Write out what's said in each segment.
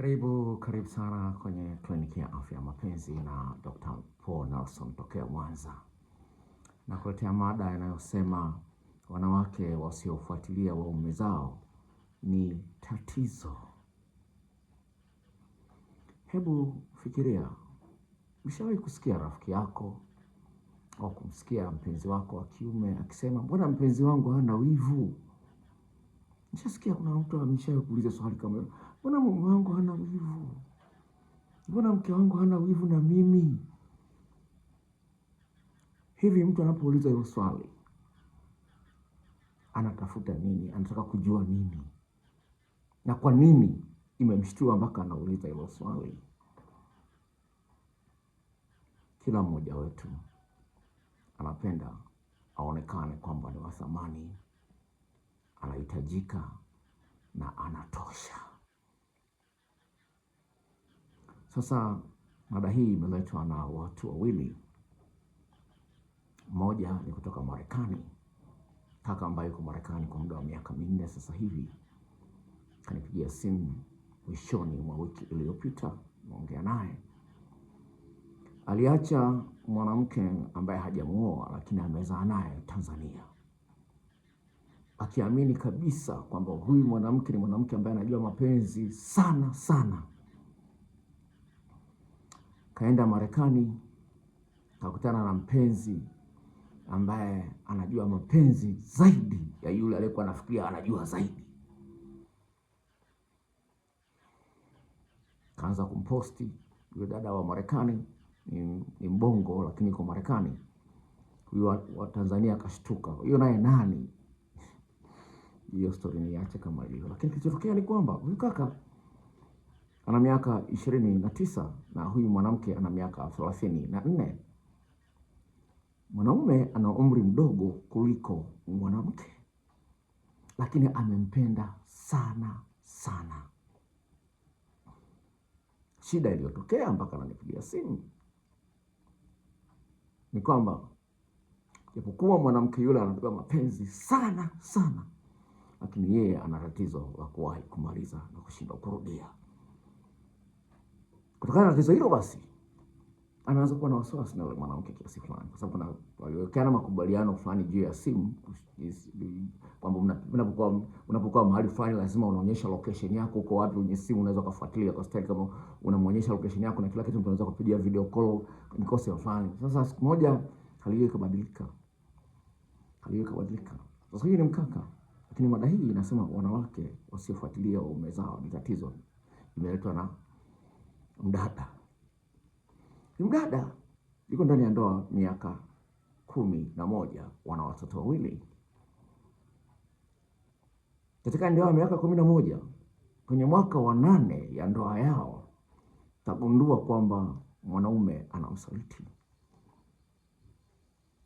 Karibu, karibu sana kwenye kliniki ya afya ya mapenzi na Dr. Paul Nelson tokea Mwanza. Nakuletea mada inayosema wanawake wasiofuatilia waume zao ni tatizo. Hebu fikiria, ushawahi kusikia rafiki yako au kumsikia mpenzi wako wa kiume akisema mbona mpenzi wangu hana wivu? Nishasikia kuna mtu ameshawahi kuuliza swali kama mbona mume wangu hana wivu? Mbona mke wangu hana wivu na mimi? Hivi mtu anapouliza hilo swali anatafuta nini? Anataka kujua nini? Na kwa nini imemshtua mpaka anauliza hilo swali? Kila mmoja wetu anapenda aonekane kwamba ni wa thamani, anahitajika na anatosha. Sasa mada hii imeletwa na watu wawili, mmoja ni kutoka Marekani, kaka ambaye yuko Marekani kwa muda wa miaka minne sasa hivi. Kanipigia simu mwishoni mwa wiki iliyopita, naongea naye. Aliacha mwanamke ambaye hajamuoa lakini amezaa naye Tanzania, akiamini kabisa kwamba huyu mwanamke ni mwanamke ambaye anajua mapenzi sana sana kaenda Marekani, kakutana na mpenzi ambaye anajua mapenzi zaidi ya yule aliyekuwa anafikiria anajua zaidi. Kaanza kumposti yule dada wa Marekani, ni, ni mbongo lakini kwa Marekani huyu wa, wa Tanzania akashtuka, huyo naye nani? Hiyo stori niache kama hiyo, lakini kilichotokea ni kwamba huyu kaka ana miaka ishirini na tisa na huyu mwanamke ana miaka thelathini na nne. Mwanaume ana umri mdogo kuliko mwanamke, lakini amempenda sana sana. Shida iliyotokea mpaka ananipigia simu ni kwamba japokuwa mwanamke yule anatoka mapenzi sana sana, lakini yeye ana tatizo la kuwahi kumaliza na kushindwa kurudia. Kutokana na tatizo hilo, basi anaanza kuwa na wasiwasi na mwanamke kiasi fulani, kwa sababu kuna waliwekana makubaliano fulani juu ya simu kwamba unapokuwa unapokuwa mahali fulani lazima unaonyesha location yako, uko wapi kwenye simu. Unaweza kufuatilia kwa style, kama unamwonyesha location yako na kila kitu, unaweza kupigia video call mikosi fulani. Sasa siku moja hali hiyo ikabadilika, hali hiyo ikabadilika. Sasa hiyo ni mkaka, lakini mada hii inasema wanawake wasiofuatilia waume zao ni tatizo, imeletwa na mdada. Mdada yuko ndani ya ndoa miaka kumi na moja, wana watoto wawili. Katika ndoa ya miaka kumi na moja, kwenye mwaka wa nane ya ndoa yao tagundua kwamba mwanaume ana usaliti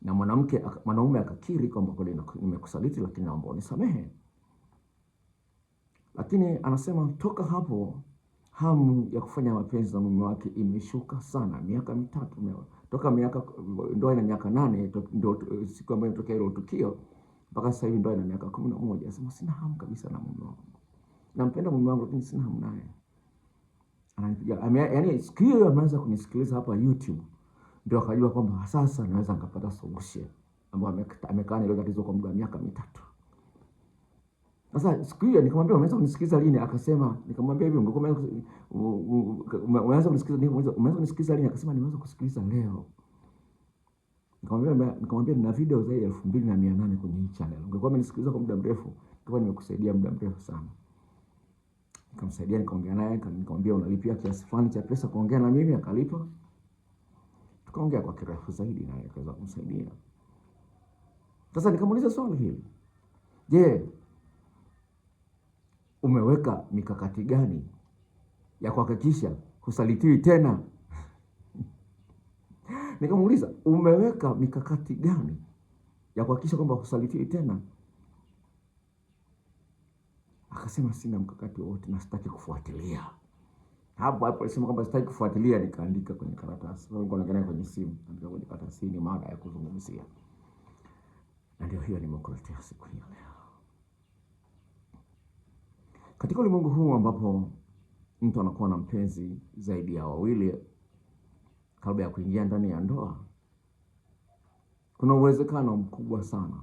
na mwanamke, mwanaume akakiri kwamba kweli nimekusaliti, lakini naomba unisamehe. Lakini anasema toka hapo hamu ya kufanya mapenzi na mume wake imeshuka sana, miaka mitatu mewa. toka miaka ndoa ina miaka nane ndo siku ambayo inatokea hilo tukio mpaka sasa hivi ndoa ina miaka kumi na moja Sema sina hamu kabisa na mume wangu, nampenda mume wangu lakini sina hamu naye. Ananipigia yaani, siku hiyo ameanza kunisikiliza hapa YouTube, ndio akajua kwamba sasa naweza nikapata solution ambayo amekaa nilo tatizo kwa muda wa miaka mitatu. Sasa siku hiyo nikamwambia umeanza kunisikiliza lini? Akasema, nikamwambia hivi ungekuwa umeanza kunisikiliza nini? Umeanza kunisikiliza lini? Akasema nimeanza kusikiliza leo. Nikamwambia nikamwambia nina video zaidi ya 2800 kwenye hii channel. Ungekuwa umenisikiliza kwa muda mrefu, ungekuwa nimekusaidia muda mrefu sana. Nikamsaidia, nikaongea naye, nikamwambia unalipia kiasi fulani cha pesa kuongea na mimi, akalipa. Tukaongea kwa kirefu zaidi na akaweza kumsaidia. Sasa nikamuuliza swali hili. Je, yeah umeweka mikakati gani ya kuhakikisha husalitiwi tena? Nikamuuliza, umeweka mikakati gani ya kuhakikisha kwamba husalitiwi tena? Akasema sina mkakati wowote na sitaki kufuatilia. Hapo hapo alisema kwamba sitaki kufuatilia, nikaandika kwenye karatasi, nikaandika kwenye simu, nikaandika kwenye karatasi. Ni mada ya kuzungumzia, na ndio hiyo nimekuletea siku hii leo. Katika ulimwengu huu ambapo mtu anakuwa na mpenzi zaidi ya wawili kabla ya kuingia ndani ya ndoa, kuna uwezekano mkubwa sana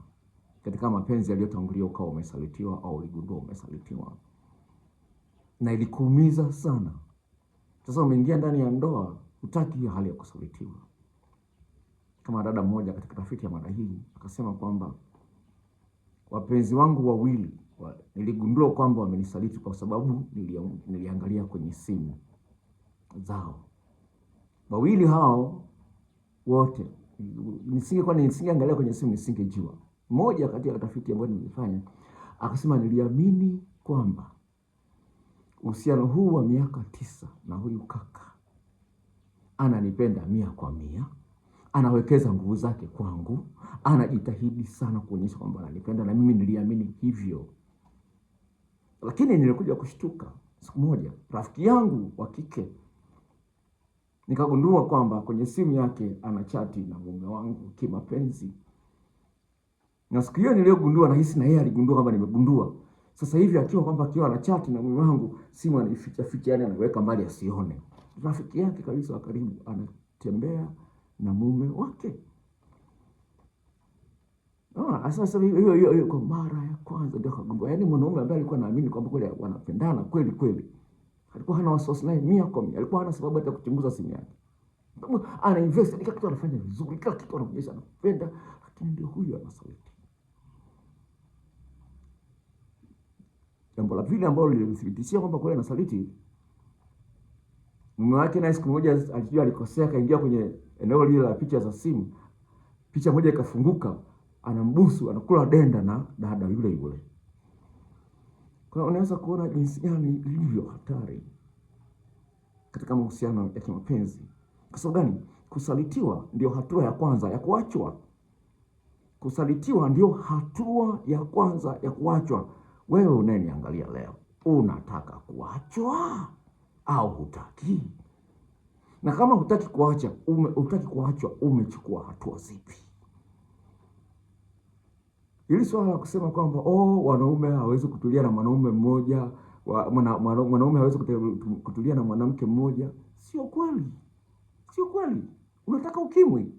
katika mapenzi yaliyotangulia ukawa umesalitiwa au uligundua umesalitiwa na ilikuumiza sana. Sasa umeingia ndani ya ndoa, hutaki hiyo hali ya kusalitiwa. Kama dada mmoja katika tafiti ya mada hii akasema kwamba wapenzi wangu wawili niligundua kwamba wamenisaliti kwa sababu niliangalia kwenye simu zao. Wawili hao wote nisingekuwa nisingeangalia kwenye simu nisingejua. Mmoja kati ya watafiti ambao nilifanya akasema, niliamini kwamba uhusiano huu wa miaka tisa na huyu kaka ananipenda mia kwa mia, anawekeza nguvu zake kwangu, anajitahidi sana kuonyesha kwamba ananipenda, na mimi niliamini hivyo. Lakini nilikuja kushtuka siku moja, rafiki yangu wa kike nikagundua kwamba kwenye simu yake ana chati na mume wangu kimapenzi, na siku hiyo niliyogundua, nahisi na yeye aligundua kwamba nimegundua. Sasa hivi akiwa kwamba akiwa ana chati na mume wangu, simu anaificha ficha, yani anaweka mbali asione. Rafiki yake kabisa wa karibu anatembea na mume wake. Ah, Sasa hiyo hiyo hiyo, kwa mara ya kwanza ndio akagundua, yaani mwanaume ambaye alikuwa anaamini kwamba kweli wanapendana kweli kweli, alikuwa hana wasiwasi naye 100 kwa 100. alikuwa hana sababu hata kuchunguza simu yake, Kama ana invest kila kitu, anafanya vizuri kila kitu, anaonyesha anapenda, lakini ndio huyo ana sauti. Jambo la pili ambalo lilimthibitishia kwamba kweli anasaliti, mume wake naye siku moja alijua alikosea, akaingia kwenye eneo lile la picha za simu, picha moja ikafunguka anambusu, anakula denda na dada yule yule. Kwa hiyo unaweza kuona jinsi gani ilivyo hatari katika mahusiano ya kimapenzi. Kwa sababu gani? Kusalitiwa ndio hatua ya kwanza ya kuachwa. Kusalitiwa ndio hatua ya kwanza ya kuachwa. Wewe unayeniangalia leo, unataka kuachwa au hutaki? Na kama hutaki kuacha ume, hutaki kuachwa, umechukua hatua zipi? Hili swala la kusema kwamba oh, wanaume hawezi kutulia na mwanaume mmoja mwanaume hawezi kutulia na mwanamke mmoja, sio kweli, sio kweli. Unataka ukimwi,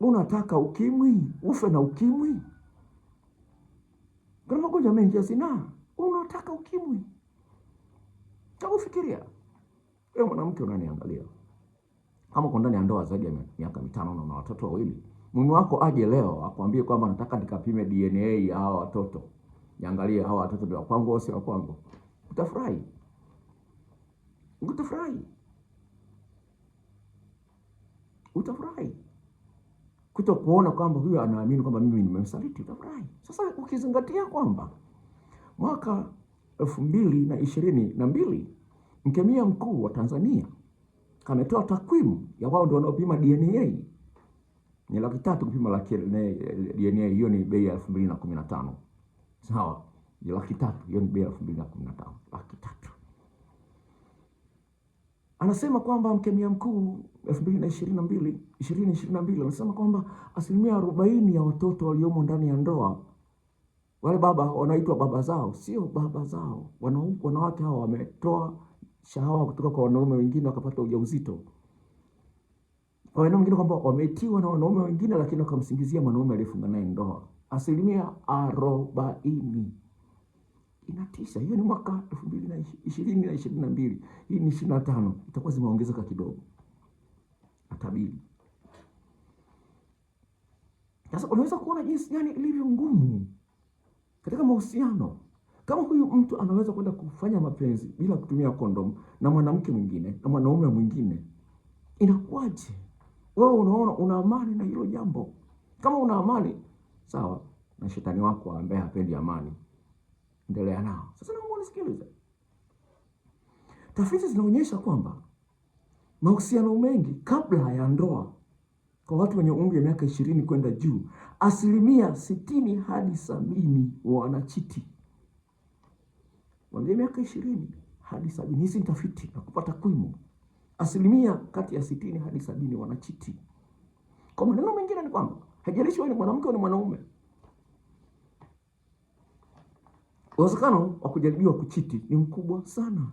unataka ukimwi, ufe na ukimwi? Kuna magonjwa mengi ya zinaa, unataka ukimwi? Taufikiria wewe mwanamke unaniangalia, kama uko ndani ya ndoa zaidi ya miaka mitano na una watoto wawili mume wako aje leo akwambie kwamba nataka nikapime DNA ya hawa watoto, niangalie hawa watoto wa kwangu au si kwangu, utafurahi, utafurahi, utafurahi kuto kuona kwamba huyu anaamini kwamba mimi nimemsaliti, utafurahi. Sasa ukizingatia kwamba mwaka elfu mbili na ishirini na mbili mkemia mkuu wa Tanzania ametoa takwimu ya wao ndio wanaopima DNA ni laki tatu kupima laki nne DNA, hiyo ni bei ya elfu mbili na kumi na tano sawa, ni laki tatu, hiyo ni bei ya elfu mbili na kumi na tano laki tatu. Anasema kwamba mkemia mkuu elfu mbili na ishirini na mbili ishirini ishirini na mbili anasema kwamba asilimia arobaini ya watoto waliomo ndani ya ndoa wale baba wanaitwa baba zao sio baba zao. Wanawake hao wametoa shahawa kutoka kwa wanaume wengine wakapata ujauzito. Maneno mengine kwamba wametiwa na wanaume wengine, lakini wakamsingizia mwanaume aliyefunga naye ndoa, asilimia arobaini. Inatisha. Hiyo ni mwaka elfu mbili na ishirini na ishirini na mbili hii ni ishirini na tano itakuwa zimeongezeka kidogo, natabiri. Sasa unaweza kuona jinsi gani ilivyo ngumu katika mahusiano. Kama huyu mtu anaweza kwenda kufanya mapenzi bila kutumia kondomu na mwanamke mwingine na mwanaume mwingine, inakuwaje? wewe unaona una amani na hilo jambo. Kama una amani sawa, na shetani wako ambaye hapendi amani, endelea nao. Sasa naomba unisikilize. Tafiti zinaonyesha kwamba mahusiano mengi kabla ya ndoa kwa watu wenye umri wa miaka ishirini kwenda juu, asilimia sitini hadi sabini wanachiti. Wazee miaka ishirini hadi sabini. Hizi ni tafiti na kupata takwimu asilimia kati ya sitini hadi sabini wanachiti. Kwa maneno mengine ni kwamba haijalishi wewe ni mwanamke au ni mwanaume, uwezekano wa kujaribiwa kuchiti ni mkubwa sana,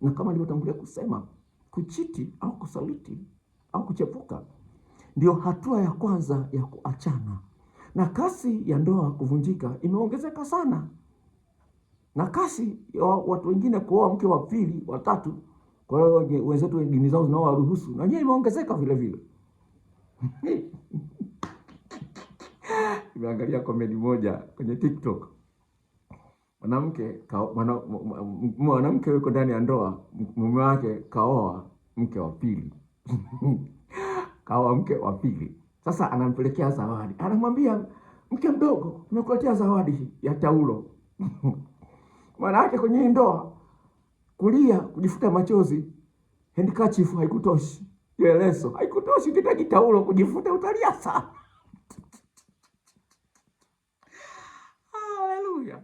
na kama nilivyotangulia kusema, kuchiti au kusaliti au kuchepuka ndio hatua ya kwanza ya kuachana, na kasi ya ndoa kuvunjika imeongezeka sana, na kasi ya watu wengine kuoa mke wa pili, wa tatu kwa hiyo wenzetu dini zao zinao waruhusu na wenyewe imeongezeka vile vile. Nimeangalia komedi moja kwenye TikTok. Mwanamke mwanamke yuko ndani ya ndoa, mume wake kaoa mke wa pili kaoa mke wa pili. Sasa anampelekea zawadi, anamwambia mke mdogo, nimekuletea zawadi ya taulo. Maana yake kwenye ndoa kulia, kujifuta machozi, handkerchief haikutoshi, ile leso haikutoshi, utahitaji taulo kujifuta, utalia sana. Haleluya!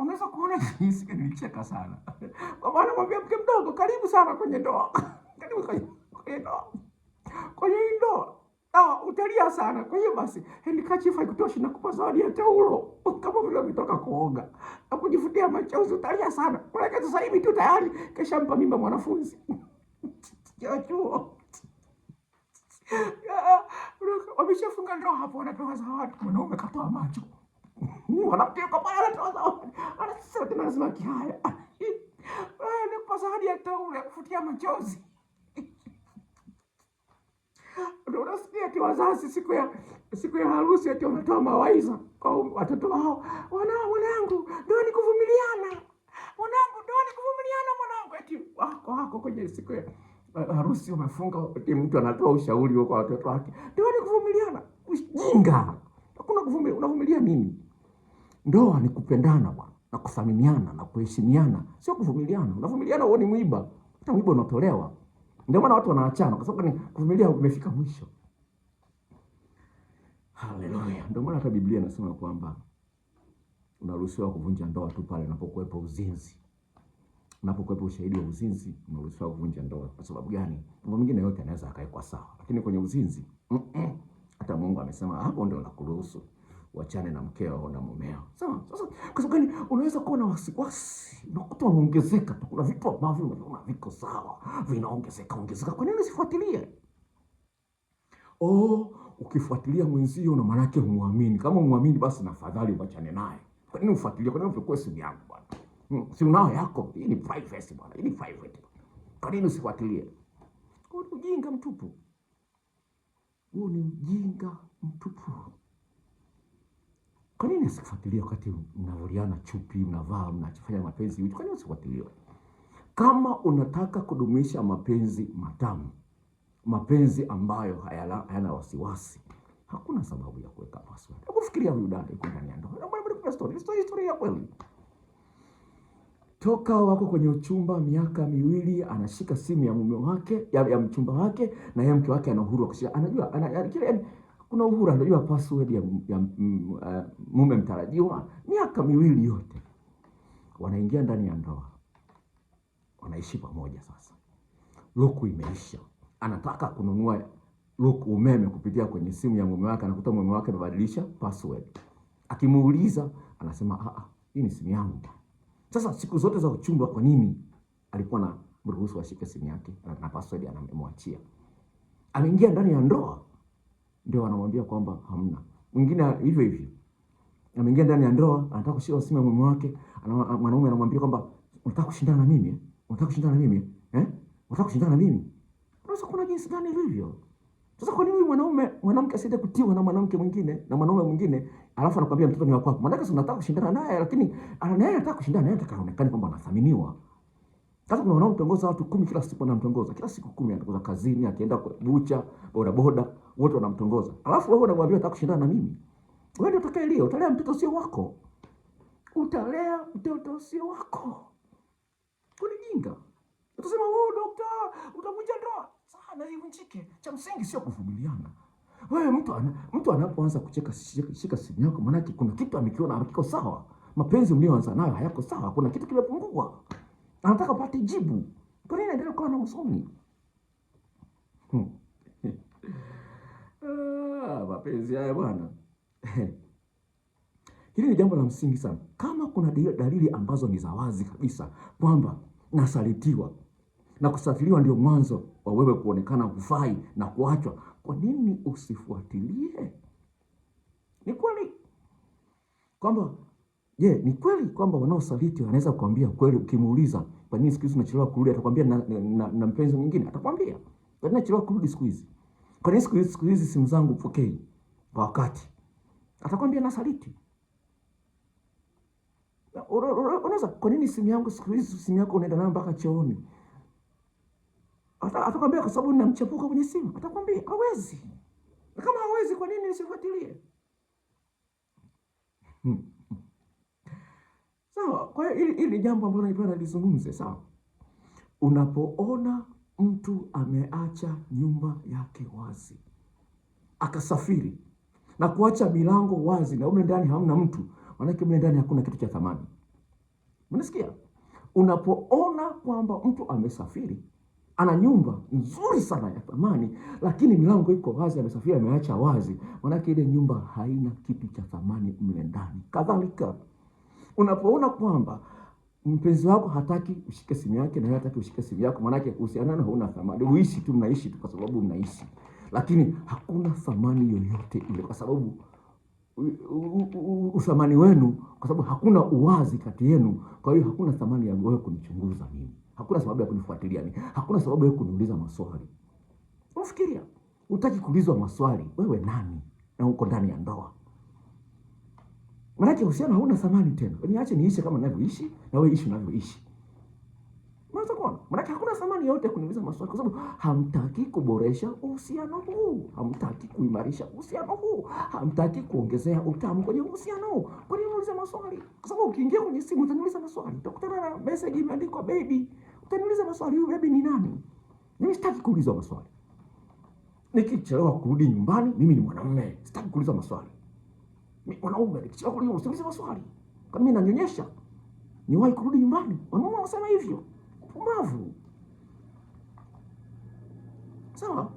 Unaweza kuona jinsi nilicheka sana, kwa maana mwambia mke mdogo, karibu sana kwenye ndoa, karibu kwenye ndoa, kwenye hii ndoa Ah, utalia sana. Kwa hiyo basi, handkerchief haikutoshi na kupa zawadi ya taulo kama vile umetoka kuoga na kujifutia machozi, utalia sana. Kwa hiyo sasa hivi tu tayari kesha mpa mimba mwanafunzi chachuo ah, wameshafunga ndoa, hapo wanatoa zawadi, mwanaume katoa macho, wanapeka pale, anatoa zawadi, anasema tena lazima kihaya, anakupa ah, zawadi ya taulo ya kufutia machozi. Unasikia ati wazazi siku ya siku ya harusi ati wanatoa mawaidha kwa watoto wao, wana wanangu, ndoeni kuvumiliana, ndio ndoeni kuvumiliana, mwanangu. Ati wako wako kwenye siku ya eh, harusi umefunga, ati mtu anatoa ushauri kwa watoto wake, ndoeni kuvumiliana. Ujinga, hakuna kuvumilia. Unavumilia mimi? Ndoa ni kupendana bwana na kuthaminiana na kuheshimiana, sio kuvumiliana. Unavumiliana, wewe ni mwiba, hata mwiba unatolewa. Ndio maana watu wanaachana kwa sababu kuvumilia umefika mwisho. Haleluya. Ndio maana hata Biblia inasema kwamba unaruhusiwa kuvunja ndoa tu pale unapokuwepo uzinzi. Unapokuwepo ushahidi wa uzinzi, unaruhusiwa kuvunja ndoa. Kwa sababu gani? Mambo mengine yote anaweza akawekwa sawa, lakini kwenye uzinzi mm -mm. Hata Mungu amesema hapo ndio nakuruhusu wachane na mkeo na mumeo. Sawa? Sasa kwa sababu gani unaweza kuwa na wasiwasi? na Unakuta ongezeka tu. Kuna vitu ambavyo unaona viko sawa, vinaongezeka ongezeka. Kwa nini usifuatilie? Oh, ukifuatilia mwenzio na maana yake humwamini. Kama humwamini basi na afadhali uachane naye. Kwa nini ufuatilie? Kwa nini upekoe simu yangu bwana? Hmm, si unao yako. Hii ni privacy bwana. Hii ni private. Kwa nini usifuatilie? Kwa Ujinga mtupu. Huu ni ujinga mtupu. Kwa nini nisifuatilie wakati mnavuriana chupi, mnavaa, mnafanya mapenzi vitu? Kwa nini usifuatilie? Kama unataka kudumisha mapenzi matamu, mapenzi ambayo hayana hayana wasiwasi, hakuna sababu ya kuweka password. Hebu fikiria huyu dada yuko ndani ya ndoa, story, story, story ya kweli toka wako kwenye uchumba miaka miwili, anashika simu ya mume wake ya, ya mchumba wake na yeye mke wake ana uhuru wa kushika, anajua ana, ana, ana, ana, ana, ana, ana, ana, ana, kuna Uhuru anajua password ya, ya uh, mume mtarajiwa miaka miwili yote, wanaingia ndani ya ndoa, wanaishi pamoja. Sasa luku imeisha, anataka kununua luku umeme kupitia kwenye simu ya mume wake, anakuta mume wake amebadilisha password. Akimuuliza anasema ah, ah hii ni simu yangu. Sasa siku zote za uchumba, kwa nini alikuwa na mruhusu ashike simu yake na password anamwachia? Ameingia ndani ya ndoa ndio wanamwambia kwamba hamna. Mwingine hivyo hivyo ameingia ndani ya ndoa, anataka kushika ya mume wake, mwanaume anamwambia kwamba unataka kushindana na mimi, unataka kushindana na mimi eh, unataka kushindana na mimi. Sasa kuna jinsi gani hivyo? sasa? Kwa nini mwanaume mwanamke asiende kutiwa na mwanamke mwingine na mwanaume mwingine, alafu anakuambia mtoto ni wako? Maana unataka kushindana naye, lakini naye anataka kushindana naye, atakaonekane kwamba anathaminiwa sasa kuna wanaomtongoza watu kumi kila siku wanamtongoza. Kila siku kumi anatongoza kazini, akienda kwa bucha, boda boda, wote wanamtongoza. Alafu wewe unamwambia unataka kushindana na mimi. Wewe ndio utakayelia, utalea mtoto sio wako. Utalea mtoto sio wako. Kuna jinga. Utasema wewe oh, dokta, utavunja ndoa. Sana ivunjike. Cha msingi sio kuvumiliana. Wewe mtu ana, mtu anapoanza kucheka shika simu yako maana kuna kitu amekiona hakiko sawa. Mapenzi mlioanza nayo hayako sawa. Kuna kitu kimepungua anataka upate jibu. Kwa nini naendelea kuwa na msomi hmm. Ah, mapenzi haya bwana. Hili ni jambo la msingi sana. Kama kuna dalili ambazo ni za wazi kabisa kwamba nasalitiwa na kusafiriwa ndio mwanzo wa wewe kuonekana hufai na kuachwa, kwa nini usifuatilie? Ni kweli kwamba Je, ni kweli kwamba wanaosaliti wanaweza kukwambia kweli? Ukimuuliza kwa nini siku hizi unachelewa kurudi, atakwambia na, na, na, na mpenzi mwingine atakwambia kwa nini nachelewa kurudi siku hizi, kwa nini siku hizi simu zangu pokei kwa wakati, atakwambia nasaliti. Unaweza kwa nini simu yangu siku hizi, simu yako unaenda nayo mpaka chooni, atakwambia kwa sababu nina kwenye simu, atakwambia hawezi. Kama hawezi, kwa nini nisifuatilie? hmm. Sawa. Kwa hiyo hili ni jambo ambalo nilikuwa nalizungumze. Sawa, unapoona mtu ameacha nyumba yake wazi akasafiri na kuacha milango wazi na mle ndani hamna mtu, manake mle ndani hakuna kitu cha thamani. Unasikia? Unapoona kwamba mtu amesafiri ana nyumba nzuri sana ya thamani, lakini milango iko wazi, amesafiri ameacha wazi, manake ile nyumba haina kitu cha thamani mle ndani. Kadhalika Unapoona kwamba mpenzi wako hataki ushike simu yake na hataki ushike simu yako, maanake uhusianano hauna thamani. Uishi tu, mnaishi tu kwa sababu mnaishi, lakini hakuna thamani yoyote ile, kwa sababu uthamani wenu, kwa sababu hakuna uwazi kati yenu. Kwa hiyo hakuna thamani ya wewe kunichunguza mimi, hakuna sababu ya kunifuatilia mimi, hakuna sababu ya kuniuliza maswali. Unafikiria utaki kuulizwa maswali, wewe nani na uko ndani ya ndoa? Maanake uhusiano hauna thamani tena. Niache yaani niishi kama ninavyoishi na wewe ishi unavyoishi. Unaweza kuona? Maanake hakuna thamani yote kuniuliza maswali kwa sababu hamtaki kuboresha uhusiano huu. Hamtaki kuimarisha uhusiano huu. Hamtaki kuongezea utamu kwenye uhusiano huu. Kwa nini unauliza maswali? Kwa sababu ukiingia kwenye simu utaniuliza maswali. Utakutana na message imeandikwa baby. Utaniuliza maswali, huyu baby ni nani? Mimi sitaki kuulizwa maswali. Nikichelewa kurudi nyumbani, mimi ni mwanamume. Sitaki kuulizwa maswali wanaume likichia kulia usiulize maswali kama mimi nanyonyesha niwahi kurudi nyumbani. Wanaume wanasema hivyo, pumbavu Sawa.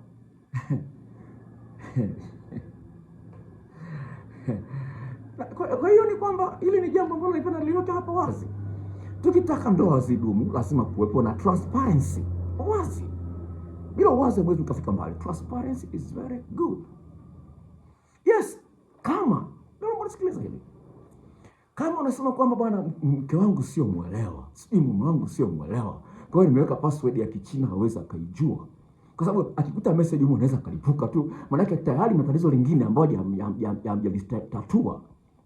Kwa hiyo ni kwamba ili ni jambo ambalo nilipenda liliweka hapa wazi. Tukitaka ndoa zidumu, lazima kuwepo na transparency, wazi. Bila uwazi, hamwezi ukafika mbali. Transparency is very good. Sikiliza hili, kama unasema kwamba bwana, mke wangu sio mwelewa, sijui mume wangu sio mwelewa, kwa hiyo nimeweka password ya Kichina, hawezi akaijua kwa sababu akikuta message humo anaweza kalipuka tu, maanake tayari tatizo lingine ambayo hamjalitatua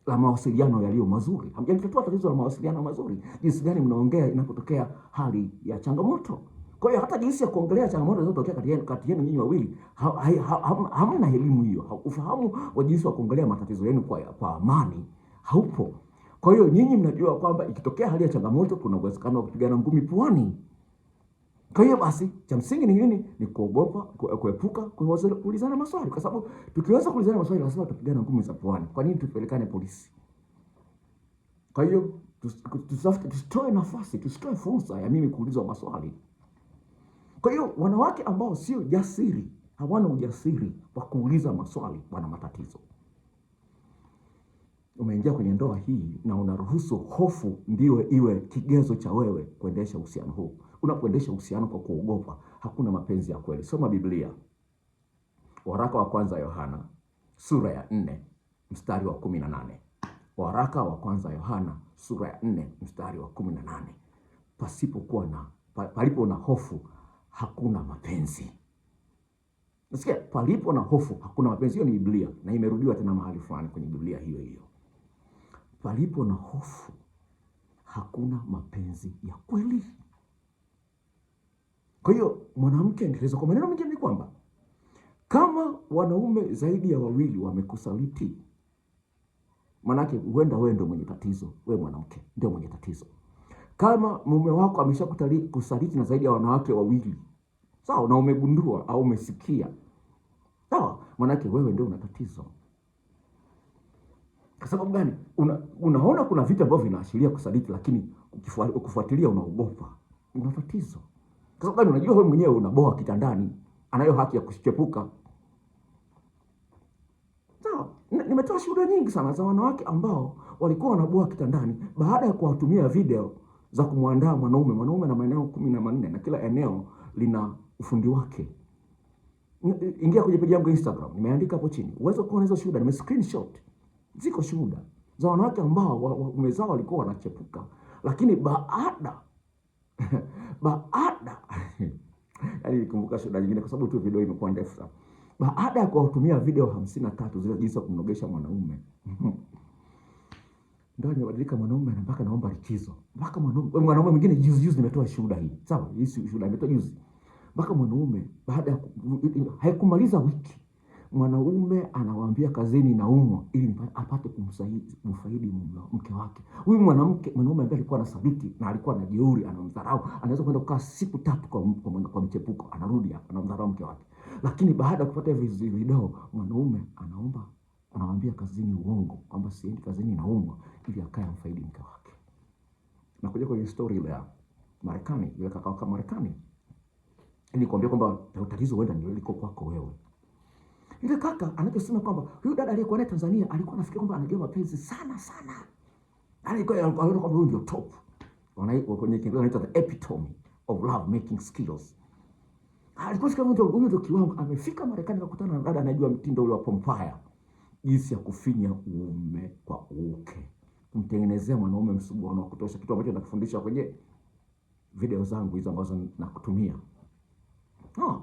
la mawasiliano yaliyo mazuri, hamjalitatua tatizo la mawasiliano mazuri. Jinsi gani mnaongea inapotokea hali ya changamoto? Kwa hiyo hata jinsi ya kuongelea changamoto zinazotokea kati yenu nyinyi wawili hamna ha, ha, ha, elimu hiyo. Ufahamu wa jinsi ya kuongelea matatizo yenu kwa, kwa amani haupo. Kwa hiyo nyinyi mnajua kwamba ikitokea hali ya changamoto kuna uwezekano wa kupigana ngumi puani. Kwa hiyo basi cha msingi ni nini? Ni kuogopa, kuepuka, kuulizana maswali, kwa sababu tukiweza kuulizana maswali lazima tupigane ngumi za puani. Kwa nini tupelekane polisi? Kwa hiyo tusitoe nafasi, tusitoe fursa ya mimi kuulizwa maswali. Kwa hiyo wanawake ambao sio jasiri, hawana ujasiri wa kuuliza maswali, wana matatizo. Umeingia kwenye ndoa hii na unaruhusu hofu ndiwe iwe kigezo cha wewe kuendesha uhusiano huu. Unapoendesha uhusiano kwa kuogopa, hakuna mapenzi ya kweli. Soma Biblia, waraka wa kwanza Yohana sura ya nne mstari wa kumi na nane waraka wa kwanza Yohana sura ya nne mstari wa kumi na nane Pasipokuwa na palipo na hofu hakuna mapenzi. Nasikia palipo na hofu hakuna mapenzi. Hiyo ni Biblia na imerudiwa tena mahali fulani kwenye Biblia hiyo hiyo. Palipo na hofu hakuna mapenzi ya kweli. Kwa hiyo mwanamke, endeleza kwa maneno mengine, ni kwamba kama wanaume zaidi ya wawili wamekusaliti, manake huenda wewe ndio mwenye tatizo, wewe mwanamke ndio mwenye tatizo. Kama mume wako kusaliti na zaidi ya wanawake wawili, sawa, na umegundua au umesikia, sawa, manake wewe ndio una tatizo. Kwa sababu gani? Una, unaona kuna vitu ambavyo vinaashiria kusaliti, lakini ukifuatilia unaogopa, una tatizo. Kwa sababu gani? Unajua wewe mwenyewe unaboa kitandani, anayo haki ya kuchepuka. nimetoa shuhuda nyingi sana za wanawake ambao walikuwa wanaboa kitandani baada ya kuwatumia video za kumwandaa mwanaume. Mwanaume na maeneo kumi na manne na kila eneo lina ufundi wake. E, ingia kwenye peji yangu Instagram, nimeandika hapo chini, uweze kuona hizo shuhuda, nime screenshot. Ziko shuhuda za wanawake ambao waume zao walikuwa wanachepuka, lakini baada baada yani nikumbuka shuhuda nyingine kwa sababu tu video imekuwa ndefu sana, baada ya kuwatumia video hamsini na tatu zile jinsi ya kumnogesha mwanaume ndio alibadilika mwanaume na mpaka naomba likizo, mpaka mwanaume mwanaume mwingine juzi juzi, nimetoa shuhuda hii sawa, hii shuhuda nimetoa juzi, mpaka mwanaume baada ya haikumaliza wiki, mwanaume anawaambia kazini naumwa, ili apate kumsaidia mfaidi mke wake. Huyu mwanamke mwanaume ambaye alikuwa na sabiti na alikuwa na jeuri, anamdharau, anaweza kwenda kukaa siku tatu kwa, kwa, kwa mchepuko, anarudi anamdharau mke wake, lakini baada ya kupata vizuri vidogo, mwanaume anaomba anamwambia kazini uongo kwamba siendi kazini naumwa, ili akae amfaidi mke wake. Na kuja kwenye story ile ya Marekani, ile kaka wa Marekani, ili kuambia kwamba tatizo huenda ndio liko kwako wewe. Ile kaka anachosema kwamba huyu dada aliyekuwa naye Tanzania alikuwa anafikiri kwamba anajua mapenzi sana sana, alikuwa anaona kwamba huyu ndio top, wanaitwa kwenye Kiingereza wanaitwa the epitome of love making skills alikuwa sikia mtu huyo, ndio kiwango. Amefika Marekani akakutana na dada anajua mtindo ule wa pompaya jinsi ya kufinya uume kwa uke, kumtengenezea mwanaume msuguano wa kutosha, kitu ambacho nakufundisha kwenye video zangu hizo ambazo nakutumia oh.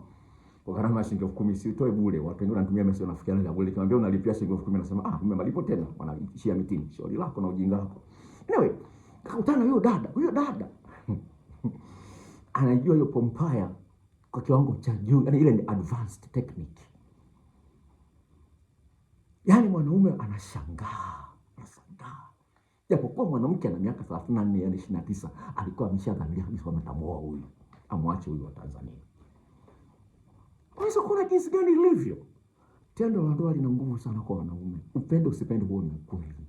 Kwa gharama ya shilingi elfu kumi sitoi bure. Watu wengine wanatumia message wanafikiria na bure, kimwambia unalipia shilingi elfu kumi nasema ah, kumbe malipo tena, wanaishia mitini. Shauri lako na ujinga wako. Anyway, kakutana huyo dada, huyo dada anajua hiyo pompaya kwa kiwango cha juu, yani ile ni advanced technique Yaani mwanaume anashangaa, anashangaa japokuwa mwanamke ana miaka 34 na nne yaani na tisa alikuwa ameshadhamiria kabisa kwamba tamuoa huyu, amwache huyu wa Tanzania. Unaweza kuona jinsi gani ilivyo tendo la ndoa lina nguvu sana kwa wanaume, upende usipende, huo ni ukweli.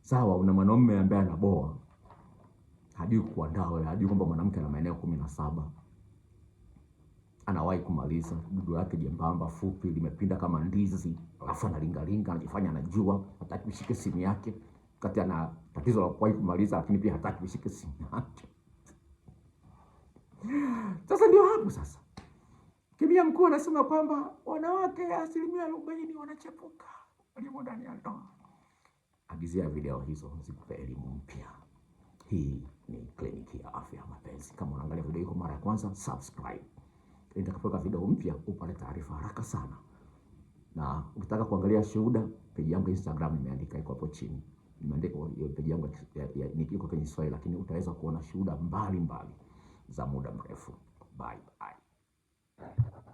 Sawa, una mwanaume ambaye anaboa, hajui kuandaa, hajui kwamba mwanamke ana maeneo kumi na saba anawahi kumaliza, gudu lake jembamba fupi limepinda kama ndizi, alafu analingalinga, anajifanya anajua, hataki ushike simu yake, wakati ana tatizo la kuwahi kumaliza, lakini pia hataki ushike simu yake. Sasa ndio hapo sasa kimia mkuu anasema kwamba wanawake asilimia arobaini wanachepuka walimo ndani ya ndoa. Agizia video hizo zikupe elimu mpya. Hii ni kliniki ya afya ya mapenzi. Kama unaangalia video hii kwa mara ya kwanza, subscribe nitakapoweka video mpya upate taarifa haraka sana. Na ukitaka kuangalia shuhuda, peji yangu ya Instagram nimeandika iko hapo chini. Nimeandika peji yangu iko kwenye Kiswahili, lakini utaweza kuona shuhuda mbalimbali za muda mrefu. Bye bye.